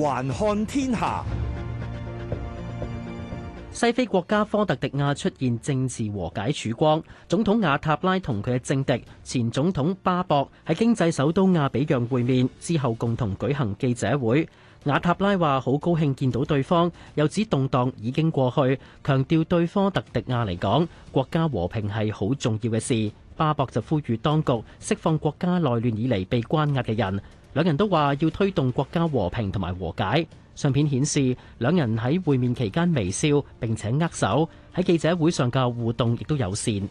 環看天下，西非國家科特迪瓦出現政治和解曙光。總統瓦塔拉同佢嘅政敵前總統巴博喺經濟首都亞比讓會面之後，共同舉行記者會。瓦塔拉話好高興見到對方，又指動盪已經過去，強調對科特迪瓦嚟講，國家和平係好重要嘅事。巴博就呼籲當局釋放國家內亂以嚟被關押嘅人。兩人都話要推動國家和平同埋和解。相片顯示兩人喺會面期間微笑，並且握手。喺記者會上嘅互動亦都友善。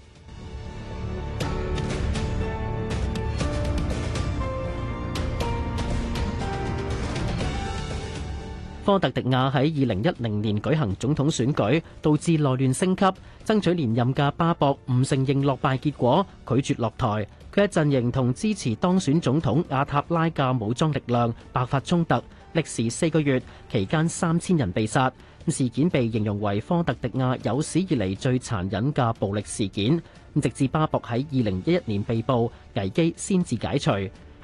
科特迪瓦喺二零一零年舉行總統選舉，導致內亂升級。爭取連任嘅巴博唔承認落敗結果，拒絕落台。佢嘅陣營同支持當選總統瓦塔拉嘅武裝力量爆發衝突，歷時四個月，期間三千人被殺。事件被形容為科特迪瓦有史以嚟最殘忍嘅暴力事件。直至巴博喺二零一一年被捕，危機先至解除。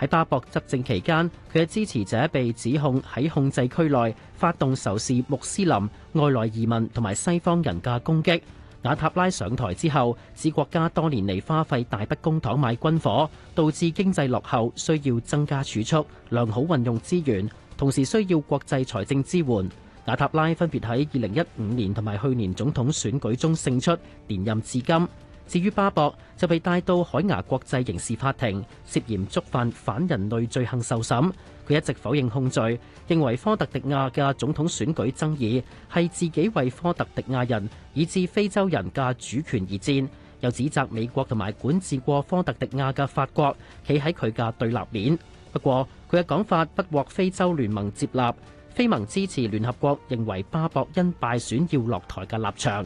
喺巴博執政期間，佢嘅支持者被指控喺控制區內發動仇視穆斯林、外來移民同埋西方人嘅攻擊。瓦塔拉上台之後，指國家多年嚟花費大筆公帑買軍火，導致經濟落後，需要增加儲蓄、良好運用資源，同時需要國際財政支援。瓦塔拉分別喺二零一五年同埋去年總統選舉中勝出，連任至今。至於巴博就被帶到海牙國際刑事法庭，涉嫌觸犯反人類罪行受審。佢一直否認控罪，認為科特迪瓦嘅總統選舉爭議係自己為科特迪瓦人以至非洲人嘅主權而戰，又指責美國同埋管治過科特迪瓦嘅法國企喺佢嘅對立面。不過佢嘅講法不獲非洲聯盟接納，非盟支持聯合國認為巴博因敗選要落台嘅立場。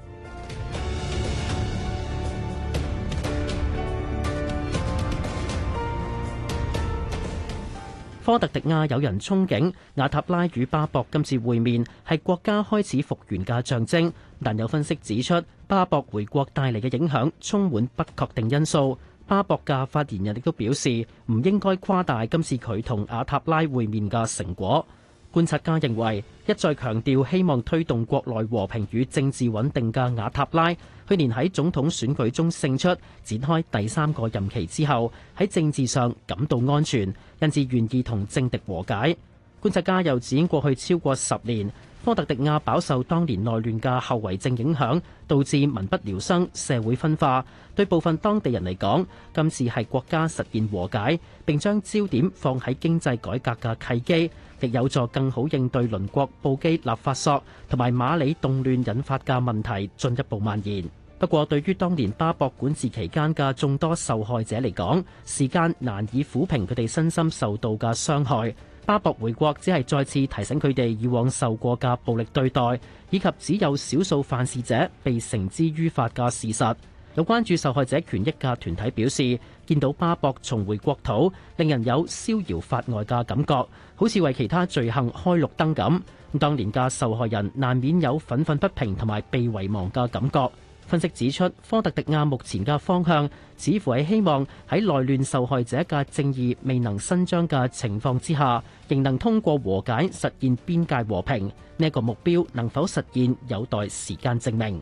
科特迪瓦有人憧憬，瓦塔拉與巴博今次會面係國家開始復原嘅象徵。但有分析指出，巴博回國帶嚟嘅影響充滿不確定因素。巴博嘅發言人亦都表示，唔應該誇大今次佢同瓦塔拉會面嘅成果。觀察家認為，一再強調希望推動國內和平與政治穩定嘅瓦塔拉，去年喺總統選舉中勝出，展開第三個任期之後，喺政治上感到安全，因此願意同政敵和解。觀察家又指，過去超過十年，科特迪瓦飽受當年內亂嘅後遺症影響，導致民不聊生、社會分化。對部分當地人嚟講，今次係國家實現和解，並將焦點放喺經濟改革嘅契機，亦有助更好應對鄰國布基納法索同埋馬里動亂引發嘅問題進一步蔓延。不過，對於當年巴博管治期間嘅眾多受害者嚟講，時間難以撫平佢哋身心受到嘅傷害。巴博回國只係再次提醒佢哋以往受過嘅暴力對待，以及只有少數犯事者被繩之於法嘅事實。有關注受害者權益嘅團體表示，見到巴博重回國土，令人有逍遙法外嘅感覺，好似為其他罪行開綠燈咁。當年嘅受害人難免有憤憤不平同埋被遺忘嘅感覺。分析指出，科特迪瓦目前嘅方向，似乎係希望喺內亂受害者嘅正義未能伸張嘅情況之下，仍能通過和解實現邊界和平。呢個目標能否實現，有待時間證明。